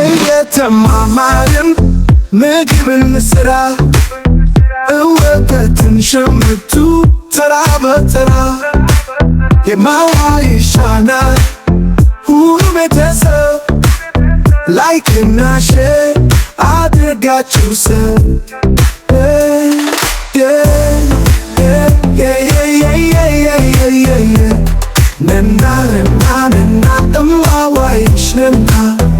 እየተማማርን ምግብን ስራ እወተትን ሸምቱ ተራ በተራ Emawa ishana Urumetesa Like in Ashe I did got you said Yeah, yeah, yeah, yeah, yeah, yeah, yeah, yeah, yeah, yeah, yeah, Nena, nena, nena, emawa wa ishana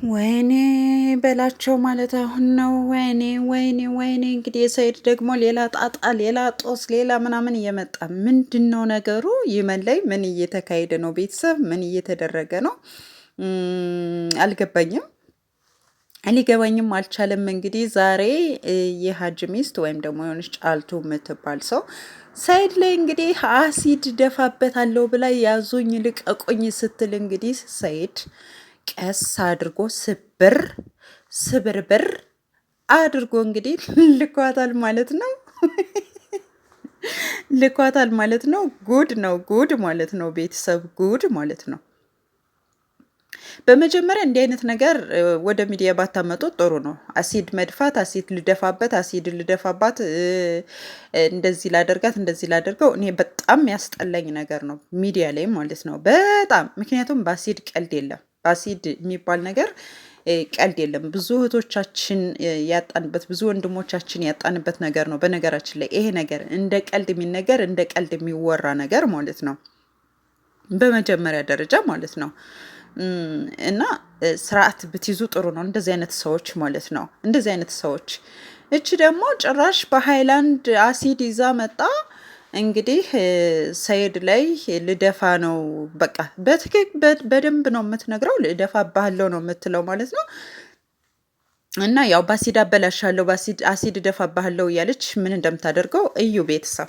When it በላቸው ማለት አሁን ነው። ወይኔ ወይኔ ወይኔ! እንግዲህ የሰይድ ደግሞ ሌላ ጣጣ፣ ሌላ ጦስ፣ ሌላ ምናምን እየመጣ ምንድን ነው ነገሩ? የመን ላይ ምን እየተካሄደ ነው? ቤተሰብ ምን እየተደረገ ነው? አልገባኝም ሊገባኝም አልቻለም። እንግዲህ ዛሬ የሀጅ ሚስት ወይም ደግሞ የሆነች ጫልቱ የምትባል ሰው ሰይድ ላይ እንግዲህ አሲድ ደፋበታለሁ ብላ ያዙኝ ልቀቁኝ ስትል እንግዲህ ሰኢድ ቀስ አድርጎ ስብር ስብርብር አድርጎ እንግዲህ ልኳታል ማለት ነው። ልኳታል ማለት ነው። ጉድ ነው ጉድ ማለት ነው። ቤተሰብ ጉድ ማለት ነው። በመጀመሪያ እንዲህ አይነት ነገር ወደ ሚዲያ ባታመጡት ጥሩ ነው። አሲድ መድፋት፣ አሲድ ልደፋበት፣ አሲድ ልደፋባት፣ እንደዚህ ላደርጋት፣ እንደዚህ ላደርገው እኔ በጣም ያስጠላኝ ነገር ነው፣ ሚዲያ ላይ ማለት ነው። በጣም ምክንያቱም በአሲድ ቀልድ የለም። በአሲድ የሚባል ነገር ቀልድ የለም። ብዙ እህቶቻችን ያጣንበት፣ ብዙ ወንድሞቻችን ያጣንበት ነገር ነው። በነገራችን ላይ ይሄ ነገር እንደ ቀልድ የሚነገር እንደ ቀልድ የሚወራ ነገር ማለት ነው፣ በመጀመሪያ ደረጃ ማለት ነው። እና ስርዓት ብትይዙ ጥሩ ነው። እንደዚህ አይነት ሰዎች ማለት ነው፣ እንደዚህ አይነት ሰዎች። እቺ ደግሞ ጭራሽ በሃይላንድ አሲድ ይዛ መጣ። እንግዲህ ሰይድ ላይ ልደፋ ነው በቃ በትክክ በደንብ ነው የምትነግረው። ልደፋ ባለው ነው የምትለው ማለት ነው። እና ያው በአሲድ አበላሻለሁ፣ በአሲድ አሲድ ደፋ ባለው እያለች ምን እንደምታደርገው እዩ ቤተሰብ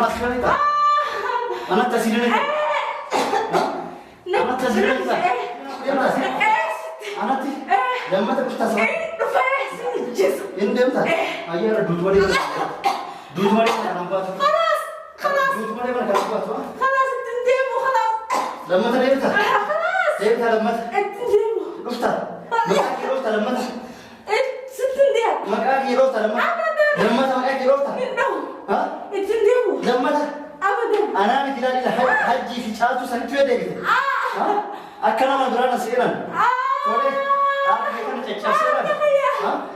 あなた知られるあなた知られる አናት ለምን ተብታሰ እንደምታ አያረ ዱት ወሬ ዱት ወሬ ተናምባት خلاص خلاص ዱት ወሬ ተናምባት خلاص እንደሙ خلاص ለምን ተደብታ خلاص ተደብታ ለምን እንደሙ ሉፍታ ሉፍታ ለምን Ishaatu sanitti yoo deegite akka nama duraan as jiran tole haadha kee kana caccabsiiran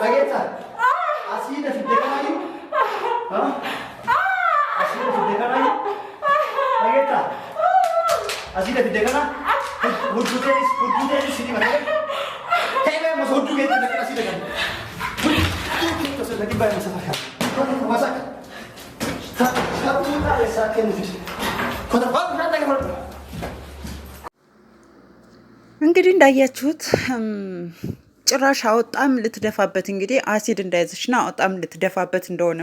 dhageessa asii na fidde kana jiru asii na fidde kana jiru dhageessa asii na fidde kana hudduu ta'es hudduu ta'es sinii malee ta'ee masa hudduu keetti na kana asii na kana tosoo na dhibbaa masa fakkaata masa fakkaata taa'uu taa'ee isaa kennuufi. እንግዲህ እንዳያችሁት ጭራሽ አወጣም ልትደፋበት እንግዲህ አሲድ እንዳይዘች ና አወጣም ልትደፋበት እንደሆነ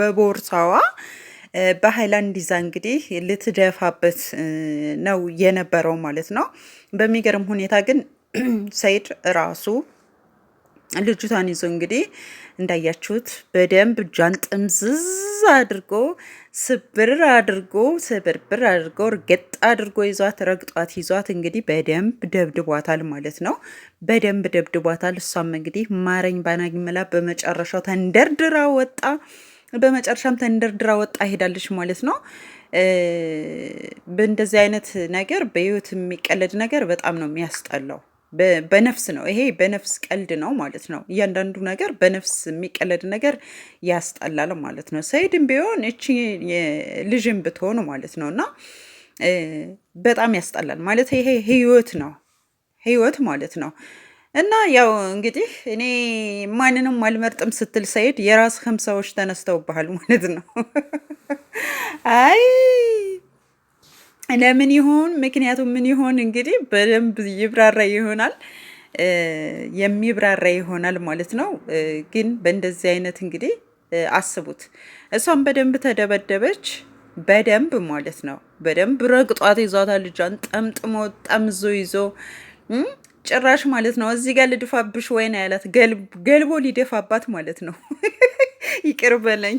በቦርሳዋ በሀይላንድ ይዛ እንግዲህ ልትደፋበት ነው የነበረው ማለት ነው። በሚገርም ሁኔታ ግን ሰይድ ራሱ ልጅቷን ይዞ እንግዲህ እንዳያችሁት በደንብ እጇን ጥምዝዝ አድርጎ ስብር አድርጎ ስብርብር አድርጎ እርግጥ አድርጎ ይዟት ረግጧት ይዟት እንግዲህ በደንብ ደብድቧታል ማለት ነው። በደንብ ደብድቧታል። እሷም እንግዲህ ማረኝ ባናኝ በመጨረሻው ተንደርድራ ወጣ። በመጨረሻም ተንደርድራ ወጣ ሄዳለች ማለት ነው። በእንደዚህ አይነት ነገር በህይወት የሚቀለድ ነገር በጣም ነው የሚያስጠላው። በነፍስ ነው። ይሄ በነፍስ ቀልድ ነው ማለት ነው። እያንዳንዱ ነገር በነፍስ የሚቀለድ ነገር ያስጠላል ማለት ነው። ሰይድም ቢሆን እቺ ልጅም ብትሆን ማለት ነው እና በጣም ያስጠላል ማለት ይሄ ህይወት ነው፣ ህይወት ማለት ነው። እና ያው እንግዲህ እኔ ማንንም አልመርጥም ስትል ሰይድ የራስህም ሰዎች ተነስተውብሃል ማለት ነው። አይ ለምን ይሆን ምክንያቱም ምን ይሆን እንግዲህ በደንብ ይብራራ ይሆናል የሚብራራ ይሆናል ማለት ነው። ግን በእንደዚህ አይነት እንግዲህ አስቡት። እሷም በደንብ ተደበደበች፣ በደንብ ማለት ነው። በደንብ ረግጧት ይዟታል። ልጇን ጠምጥሞ ጠምዞ ይዞ ጭራሽ ማለት ነው እዚህ ጋር ልድፋብሽ ወይን ያላት ገልቦ ሊደፋባት ማለት ነው። ይቅር በለኝ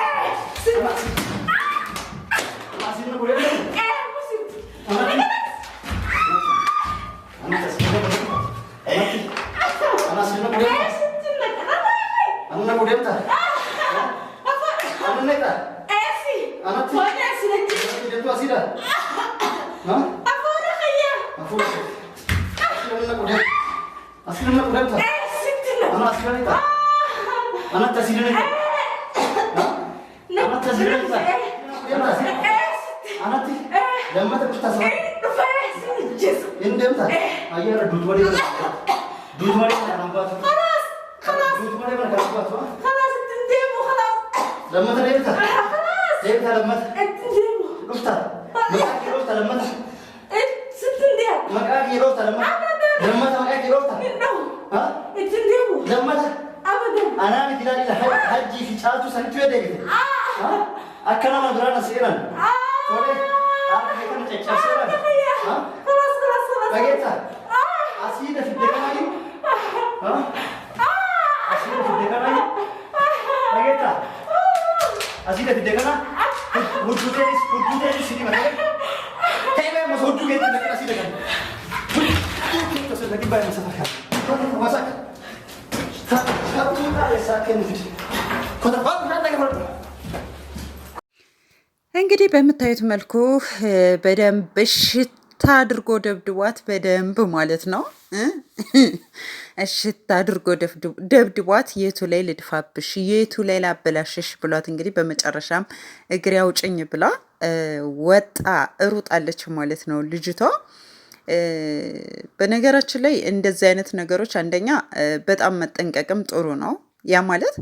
Anak tak sini lagi. ለመተ ለመተ Así da fidde kana hojjeteenis hojjeteenis sinii malee ta'ee masa hojjuu keessatti kan asii dagan. Tosoo lagi baay'ee masa fakkaata. Masa taptuu taa'ee isaa kennu fide. Kota faatu kan dhage malu. እንግዲህ በምታዩት መልኩ በደንብ እሽት አድርጎ ደብድቧት በደንብ ማለት ነው። እሽት አድርጎ ደብድቧት የቱ ላይ ልድፋብሽ፣ የቱ ላይ ላበላሽሽ ብሏት እንግዲህ በመጨረሻም እግሬ አውጭኝ ብላ ወጣ እሩጣለች ማለት ነው ልጅቷ። በነገራችን ላይ እንደዚህ አይነት ነገሮች አንደኛ በጣም መጠንቀቅም ጥሩ ነው ያ ማለት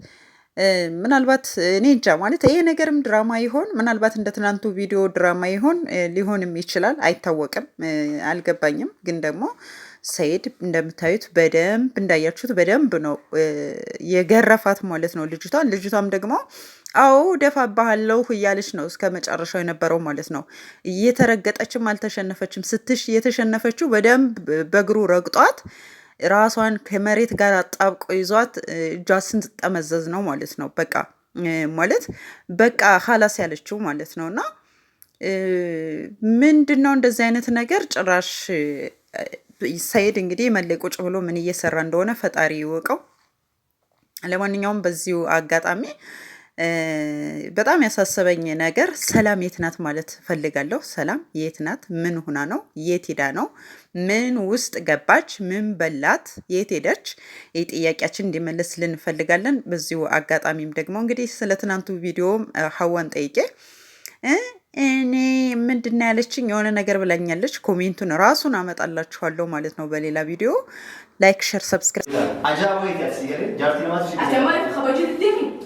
ምናልባት እኔ እንጃ ማለት ይሄ ነገርም ድራማ ይሆን? ምናልባት እንደ ትናንቱ ቪዲዮ ድራማ ይሆን? ሊሆንም ይችላል፣ አይታወቅም፣ አልገባኝም። ግን ደግሞ ሰይድ እንደምታዩት በደንብ እንዳያችሁት በደንብ ነው የገረፋት ማለት ነው ልጅቷን። ልጅቷም ደግሞ አዎ ባህለው እያለች ነው እስከ መጨረሻው የነበረው ማለት ነው። እየተረገጠችም አልተሸነፈችም ስትሽ፣ እየተሸነፈችው በደንብ በእግሩ ረግጧት ራሷን ከመሬት ጋር አጣብቆ ይዟት እጇ ስንትጠመዘዝ ነው ማለት ነው። በቃ ማለት በቃ ሀላስ ያለችው ማለት ነው። እና ምንድን ነው እንደዚህ አይነት ነገር ጭራሽ ሰይድ እንግዲህ መለቆጭ ብሎ ምን እየሰራ እንደሆነ ፈጣሪ ይወቀው። ለማንኛውም በዚሁ አጋጣሚ በጣም ያሳሰበኝ ነገር ሰላም የት ናት ማለት ፈልጋለሁ። ሰላም የት ናት? ምን ሁና ነው? የት ሄዳ ነው? ምን ውስጥ ገባች? ምን በላት? የት ሄደች? ይህ ጥያቄያችን እንዲመለስ ልንፈልጋለን። በዚሁ አጋጣሚም ደግሞ እንግዲህ ስለ ትናንቱ ቪዲዮም ሀዋን ጠይቄ እኔ ምንድን ያለችኝ የሆነ ነገር ብላኛለች። ኮሜንቱን ራሱን አመጣላችኋለሁ ማለት ነው በሌላ ቪዲዮ። ላይክ፣ ሸር፣ ሰብስክራይብ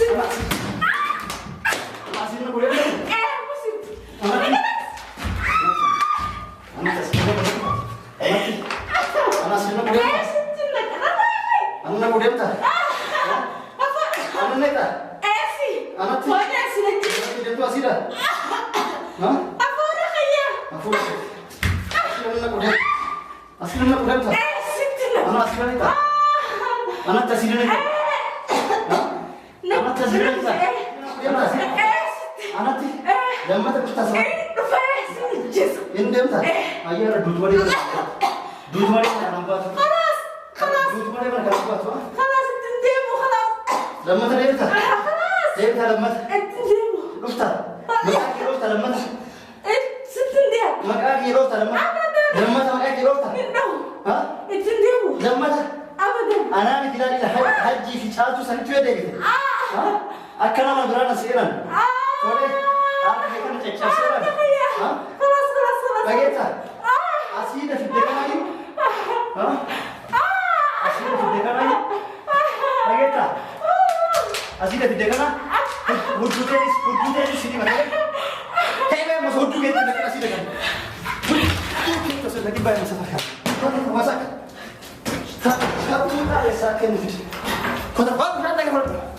Sim. Mas... Ah! Mas... Ah! Mas... Ah! Ah! Ah! Ah! Ah! Anaan ittiin haji fi caaltu san cuyyee deegite. Akka nama biraan as seenan. boleh ah dia kan cek cek sudah ah kelas kelas kelas lagi apa asih dah sudah kan ayu ah asih dah sudah kan ayu lagi apa asih dah sudah kan Udu deh, udu deh di sini m a n Hei, mas udu g i t nak k a s i e n g a n Terus lagi bayar masa makan. a u masak. Tak, tak punya sakit. Kau tak tahu berapa a n g b e r a p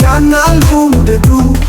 Channel Home de Blue